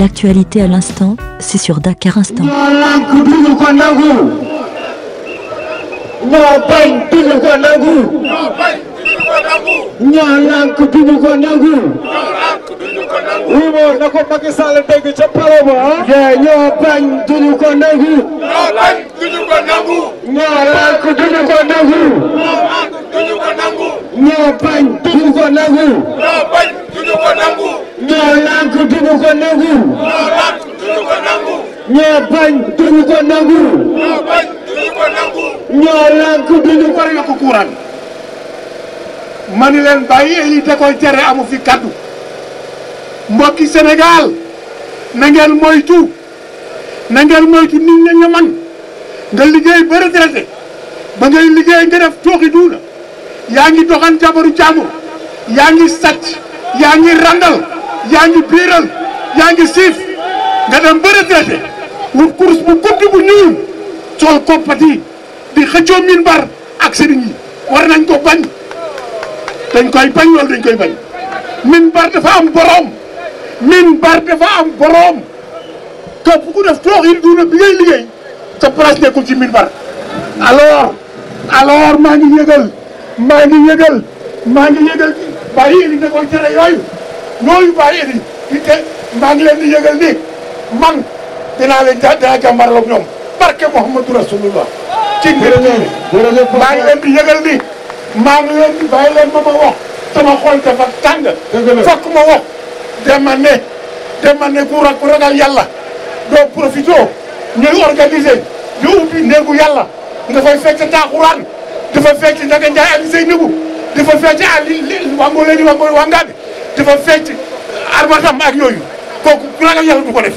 L'actualité à l'instant, c'est sur Dakar Instant. ñolan ko dugu ko nangu ñolan ko dugu ko nangu ño bañ dugu ko nangu ño bañ dugu ko nangu dugu amu fi kaddu mbokki senegal na ngeen moytu na ngeen moytu nit ñi man nga liggéey ba retraité ba ngay liggéey nga def tooxi duuna yaa ngi doxan jabaru jaamur yaa ngi sàcc randal yaa ngi biiral yaa ngi siif nga dem ba retraité wut course bu gudd bu ñuul sol koppati di xëccoo min bar ak sëriñ yi war nañ ko bañ dañ koy bañ loolu dañ koy bañ min bar dafa am boroom min bar dafa am boroom képp ku def tooxil duuna bi ngay liggéey sa place nekkul ci min bar alors alors maa ngi yëgal maa ngi yëgal maa ngi yëgal bàyyi li ne ko jëre yooyu yooyu bàyyi ni ite te mang len di yegal ni man len leen da dinaa marlo ñom barke Mouhamadou Rasulullah ci mbir mi maa ngi len di yegal ni mang len di bàyyi len ma wax sama xol fa tang fokk ma wax dama ne dama ne ku rak ragal yalla do profito ñuy organiser ñu ubi neegu yalla nga fay fekk taaxuraan dafa fekk Ndaka Ndiaye ak Seynabou dafa fekk Ali wango leen wango wangaani dafa fecc armatam ak yooyu kooku ku ragal yàlla du ko def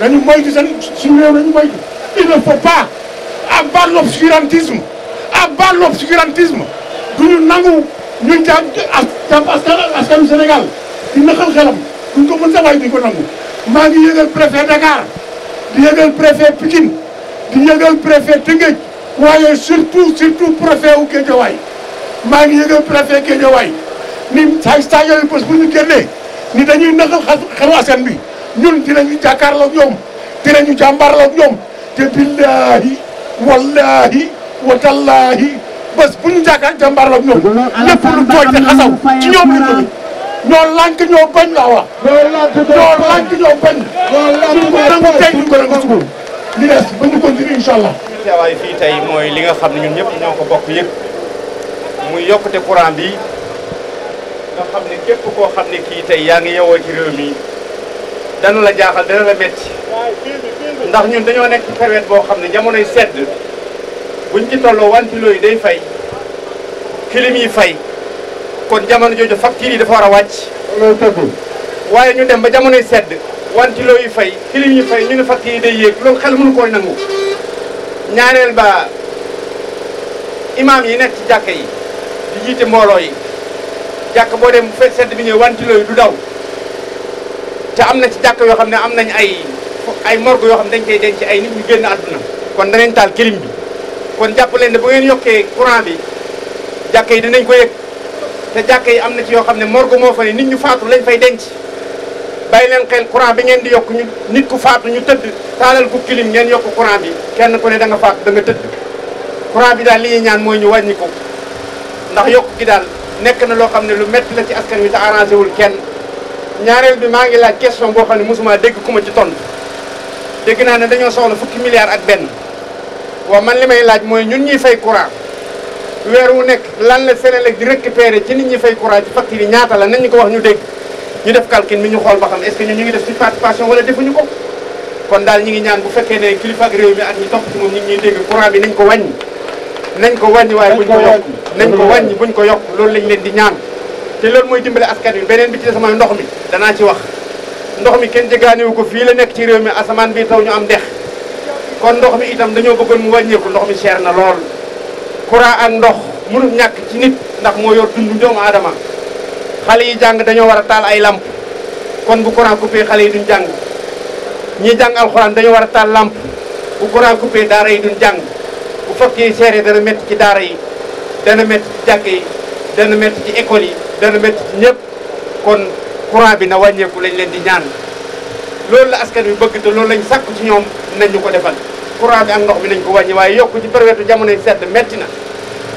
nañu moytu seen suñu réew nañu moytu il ne faut pas abat l'obscurantisme abat l'obscurantisme duñu nangu ñu jàpp jàpp askan askanu Sénégal di naxal xelam duñ ko mën sa waay duñ ko nangu maa ngi yëgal préfet Dakar di yëgal préfet Pikine di yëgal préfet Tëngéej waaye surtout surtout préfet wu Guédiawaye maa ngi yëgal préfet Guédiawaye ni saay saay yooyu bés bu ñu génnee ni dañuy nëxal xelu askan bi ñun dinañu jàkkaarloog ñoom dinañu jàmbaarloog ñoom te billaahi wallaahi watallaahi bés bu ñu jàkkaar jàmbaarloog ñoom lépp lu tooy te xasaw ci ñoom li jóge ñoo lànk ñoo bañ laa wax ñoo lànk ñoo bañ duñ ko nangu tey duñ ko nangu suba li des ba ñu continuer incha allah teewaay fii tey li nga xam ne ñun ñëpp ñoo ko bokk yëpp muy yokkute courant bi nga xam ne képp koo xam ne kii tey yaa ngi yewoo ci yi mi dana la jaaxal dana la metti ndax ñun dañoo nekk ci boo xam ne jamonoy sedd buñ ci tolloo wantilo yi day fay kilim yi fay kon jamono jooju facture yi dafa war a wàcc waaye ñu dem ba jamonoy sedd wantilo yi fay kilim yi fay ñu ne facture yi day yéeg loolu xel mënu koo nangu ñaareel ba imaam yi nekk ci jàkka yi di jiite mbooloo yi jàkk boo dem bu fekk sedd bi ñëw wantilo yi du daw te am na ci jàkk yoo xam ne am nañ ay ay morgue yoo xam ne dañ koy denc ay nit ñu génn àdduna kon danañ taal clim bi kon jàpp leen ne bu ngeen yokkee courant bi jàkk yi dinañ ko yëg te jàkk yi am na ci yoo xam ne morgue moo fa nit ñu faatu lañ fay denc bàyyi leen xel courant bi ngeen di yokk ñu nit ku faatu ñu tëdd taalal ku clim ngeen yokk courant bi kenn ku ne da nga faatu da nga tëdd courant bi daal li ñuy ñaan mooy ñu wàññi ko ndax yokk gi daal nekk na loo xam ne lu métti la ci askan wi te arrangé wul kenn ñaareel bi maa ngi laaj question boo xam ne mosuma dégg ku ma ci tontu dégg naa ne dañoo soxla fukki milliards ak benn waa man li may laaj mooy ñun ñuy fey courant weer wu nekk lan la Senelec di récupérer ci nit ñi fay courant ci facture yi ñaata la nañ ñu ko wax ñu dégg ñu def calcul mi ñu xool ba xam est-ce ñu ngi def ci participation wala defuñu ko kon daal ñi ngi ñaan bu fekkee ne kilifa ak ñi topp ci bi nañ ko wàññi nañ ko wañi way buñ ko yok nañ ko wañi buñ ko yok loolu lañ leen di ñaan té loolu moy dimbalé askan bi benen bi ci sama ndox mi danaa ci wax ndox mi kenn jegaanewu ko fi la nek ci réew mi asaman bi taw ñu am dex kon ndox mi itam dañu bëggoon mu ko ndox mi cher na lool courant ak ndox mënul ñak ci nit ndax mo yor dundu doomu adama xale yi jàng dañoo taal ay lamp kon bu courant coupé xale yi duñ jang ñi jang alxuraan dañu wara taal lamp bu fi daara yi duñ jang bu fas yi seeree dana métti ci daara yi dana métti ci jàkk yi dana métti ci école yi dana métti ci ñëpp kon courant bi na wàññeeku lañ leen di ñaan loolu la askan wi bëgg te loolu lañ sàkku ci ñoom nañ ñu ko defal courant bi ak ndox bi nañ ko wàññi waaye yokku ci période jamonoy sedd métti na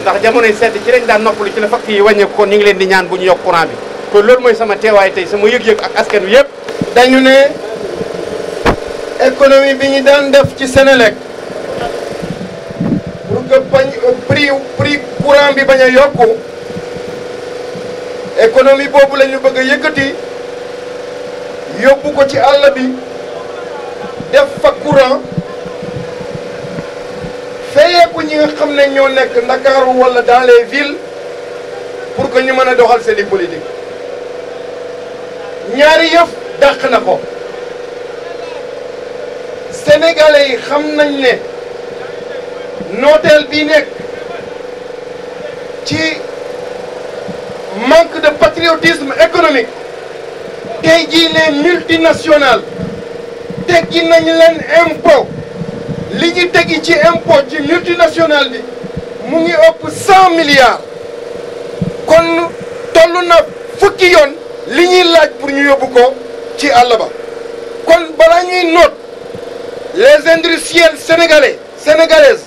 ndax jamonoy sedd ci lañ daan noppalu ci la fakk yi wàññeeku kon ñu ngi leen di ñaan bu ñu yokk courant bi kon loolu mooy sama teewaay tey sama yëg-yëg ak askan wi yëpp dañu ñu daan def ci Senelec prix prix bi bañ yokku économie boobu la bëgg yëkëti yobbu ko ci Allah bi def fa courant fayeeku ñi nga xamné ne ñoo nekk Ndakaaru walla dans les villes pour que ñu mëna doxal seeni politique ñaari yëf dakk na ko sénégalais yi xam nañ nooteel bii nekk ci manque de patriotisme économique tey jii les multinationales teggi nañ leen impôt li ñu teggi ci impôt ci multinationale bi mu ngi ëpp cent milliards kon toll na fukki yoon li ñuy laaj pour ñu yóbbu ko ci àll ba kon balaa ñuy noot les industriels sénégalais sénégalaises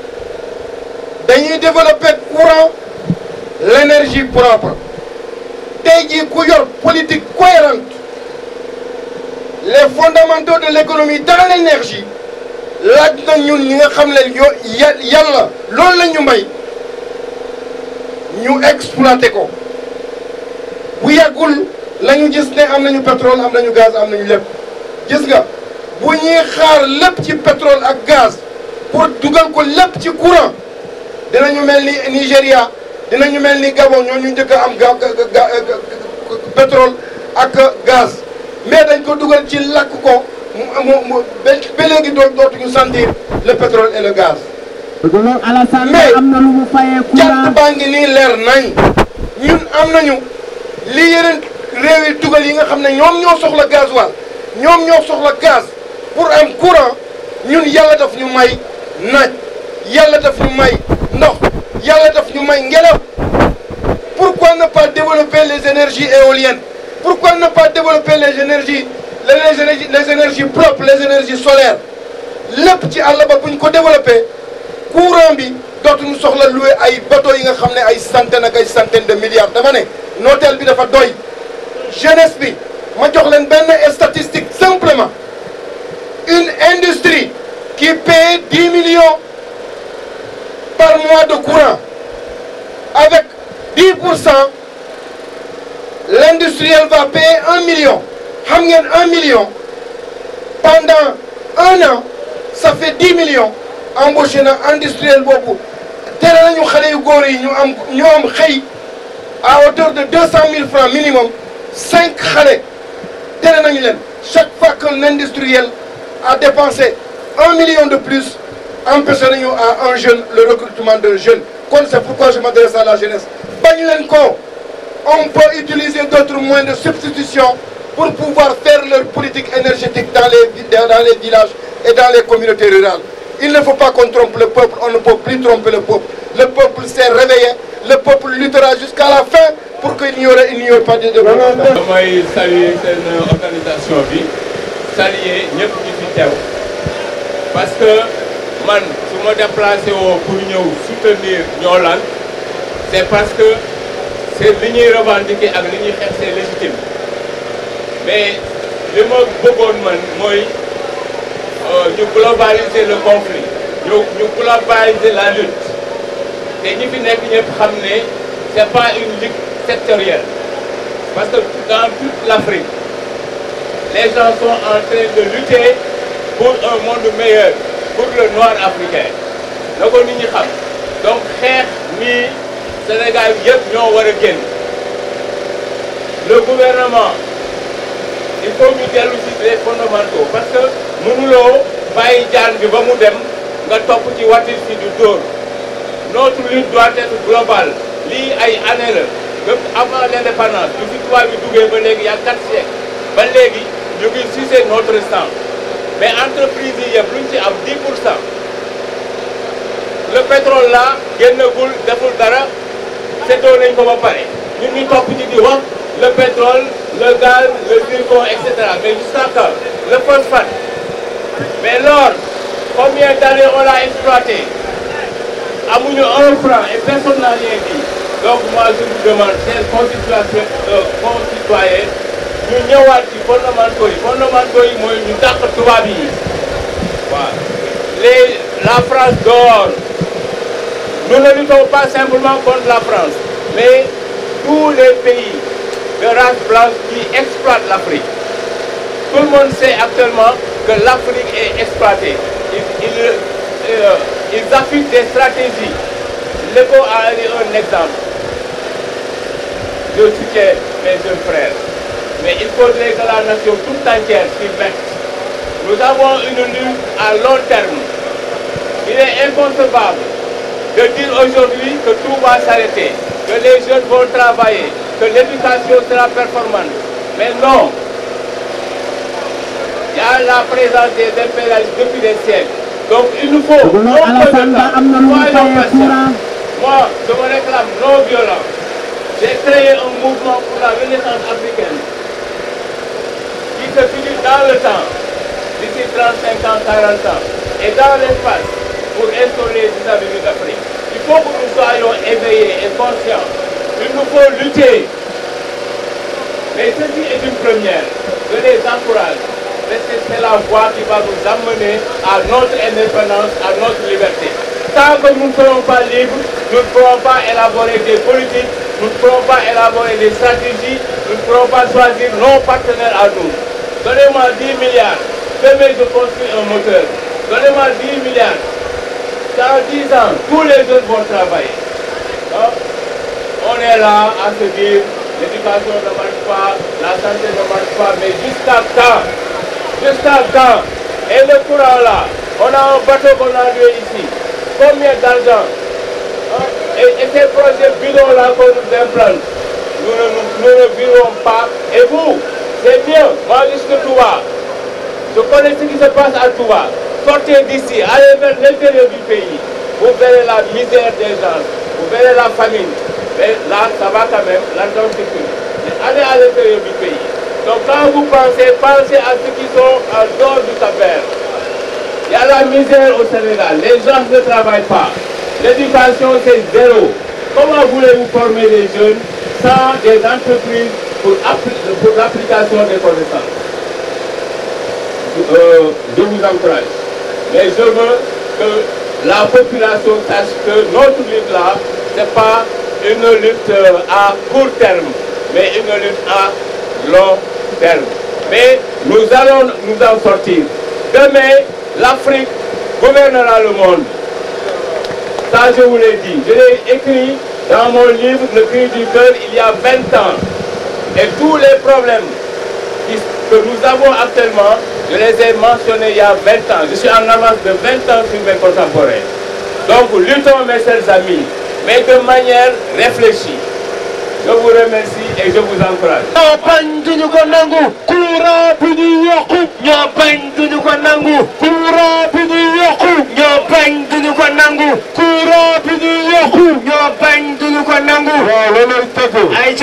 dañuy développer courant l'énergie propre tey jii ku yor politique cohérente les fondamentaux de l'économie dans l'énergie laaj na ñun ñi nga xam ne yo yàlla loolu la ñu may ñu exploité ko bu yàggul lañu gis ne am nañu pétrole am nañu gaz am nañu lépp gis nga bu ñuy xaar lépp ci pétrole ak gaz pour dugal ko lépp ci courant dinañu mel ni Nigéria dinañu mel ni Gabon ñoo ñu njëkk am ga pétrole ak gaz mais dañ ko dugal ci lakk ko mu mu ba léegi doo dootuñu sentir le pétrole et le gaz. mais jant baa ngi nii leer nañ ñun am nañu li yeneen réew yi dugal yi nga xam ne ñoom ñoo soxla gaz gasoil ñoom ñoo soxla gaz pour am courant ñun yàlla daf ñu may naaj yàlla daf ñu may. Non, pourquoi ne pas développer les énergies éoliennes pourquoi ne pas développer les énergies les énergies les énergies propres les énergies solaires Le ci Allah ba nous ñu ko courant bi soxla louer ay bateaux nga centaines ak centaines de milliards dama ne nooteel bi dafa doy jeunesse bi ma jox statistique simplement une industrie qui paie 10 millions par mois de courant avec 10% l'industriel va payer 1 million 1 million pendant un an ça fait 10 millions embauché un industriel boobu tere de nous à hauteur de 200 000 francs minimum 5 chaque fois que l'industriel a dépensé un million de plus en à un jeune le recrutement d'un jeune c'est pourquoi je m'adresse à la jeunesse on peut utiliser d'autres moyens de substitution pour pouvoir faire leur politique énergétique dans les dans les villages et dans les communautés rurales il ne faut pas qu'on trompe le peuple on ne peut plus tromper le peuple le peuple s'est réveillé le peuple luttera jusqu'à la fin pour qu'il n'y aurait pas de développement. je saluer euh, organisation saluer parce que man vous moi placé pour soutenir Niolane c'est parce que c'est li ñuy revendiquer ak c'est légitime mais le mot bëggoon euh, le conflit nous la lutte et ñi fi à c'est pas une lutte sectorielle parce que dans toute l'Afrique les gens sont en train de lutter pour un monde meilleur pour le noir africain Nous nous le donc Sénégal le gouvernement il faut que nous fondamentaux parce que nous nous, nous, bi ba nous, dem nga nous, notre lutte doit être globale nous, avant l'indépendance nous, y a siècles Nous nous, nous, notre mais entreprise il y a plus de 10 le pétrole là génnagul deful dara c'est c'est ko ba pare ñun ñu topp ci di wax le pétrole le gaz le zircon etc. mais jusqu'à quand le phosphate mais l'or combien d'années on l'a exploité amuñu un franc et personne n'a rien dit donc moi je vous demande c'est chers concitoyens la France dort. nous ne luttons pas simplement contre la France mais tous les pays de race blanche qui exploitent l'Afrique tout le monde sait actuellement que l'Afrique est exploitée ils, euh, affichent des stratégies l'écho a un exemple je soutiens mes deux frères mais il faudrait que la nation toute entière s'y mette. Nous avons une lutte à long terme. Il est inconcevable de dire aujourd'hui que tout va s'arrêter, que les jeunes vont travailler, que l'éducation sera performante. Mais non, il y a la présence des impérialistes depuis des siècles. Donc il nous faut bah, non violence. Moi, je me réclame non violence. J'ai créé un mouvement pour la Renaissance africaine se finit dans le temps, d'ici 35 ans, 40 ans, et dans l'espace, pour instaurer d'Afrique. Il faut que nous soyons éveillés et conscients. Il nous faut lutter. Mais ceci est une première. Je les encourage. Parce que c'est la voie qui va nous amener à notre indépendance, à notre liberté. Tant que nous ne serons pas libres, nous ne pourrons pas élaborer des politiques, nous ne pourrons pas élaborer des stratégies, nous ne pourrons pas choisir nos partenaires à nous donnez-moi 10 milliards, que de construire un moteur, donnez-moi 10 milliards. Dans 10 ans, tous les jeunes vont travailler. On est là à se dire, l'éducation ne marche pas, la santé ne marche pas, mais jusqu'à quand Jusqu'à quand Et le courant là, on a un bateau qu'on a lieu ici. Combien d'argent et, ces projets bidons là pour nous implante, nous ne nous, nous ne vivons pas. Et vous c'est mieux, va jusque Touba. Je connais ce qui se passe à Touba. Sortez d'ici, allez vers l'intérieur du pays. Vous verrez la misère des gens, vous verrez la famine. Mais là, ça va quand même, l'argent c'est Mais allez à l'intérieur du pays. Donc quand vous pensez, pensez à ceux qui sont en dehors du Sahel. Il y a la misère au Sénégal, les gens ne travaillent pas. L'éducation, c'est zéro. Comment voulez-vous former les jeunes sans des entreprises pour, l'application des connaissances. Euh, je vous encourage. Mais je veux que la population sache que notre lutte-là, ce n'est pas une lutte euh, à court terme, mais une lutte à long terme. Mais nous allons nous en sortir. Demain, l'Afrique gouvernera le monde. Ça, je vous l'ai dit. Je l'ai écrit dans mon livre Le cri du cœur il y a 20 ans. Et tous les problèmes que nous avons actuellement, je les ai mentionnés il y a 20 ans. Je suis en avance de 20 ans sur mes contemporains. Donc luttons mes chers amis, mais de manière réfléchie. Je vous remercie et je vous encourage.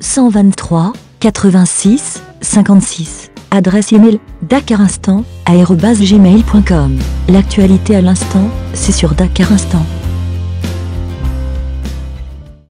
123 86 56. Adresse email gmail.com L'actualité à l'instant, c'est sur Dakar Instant.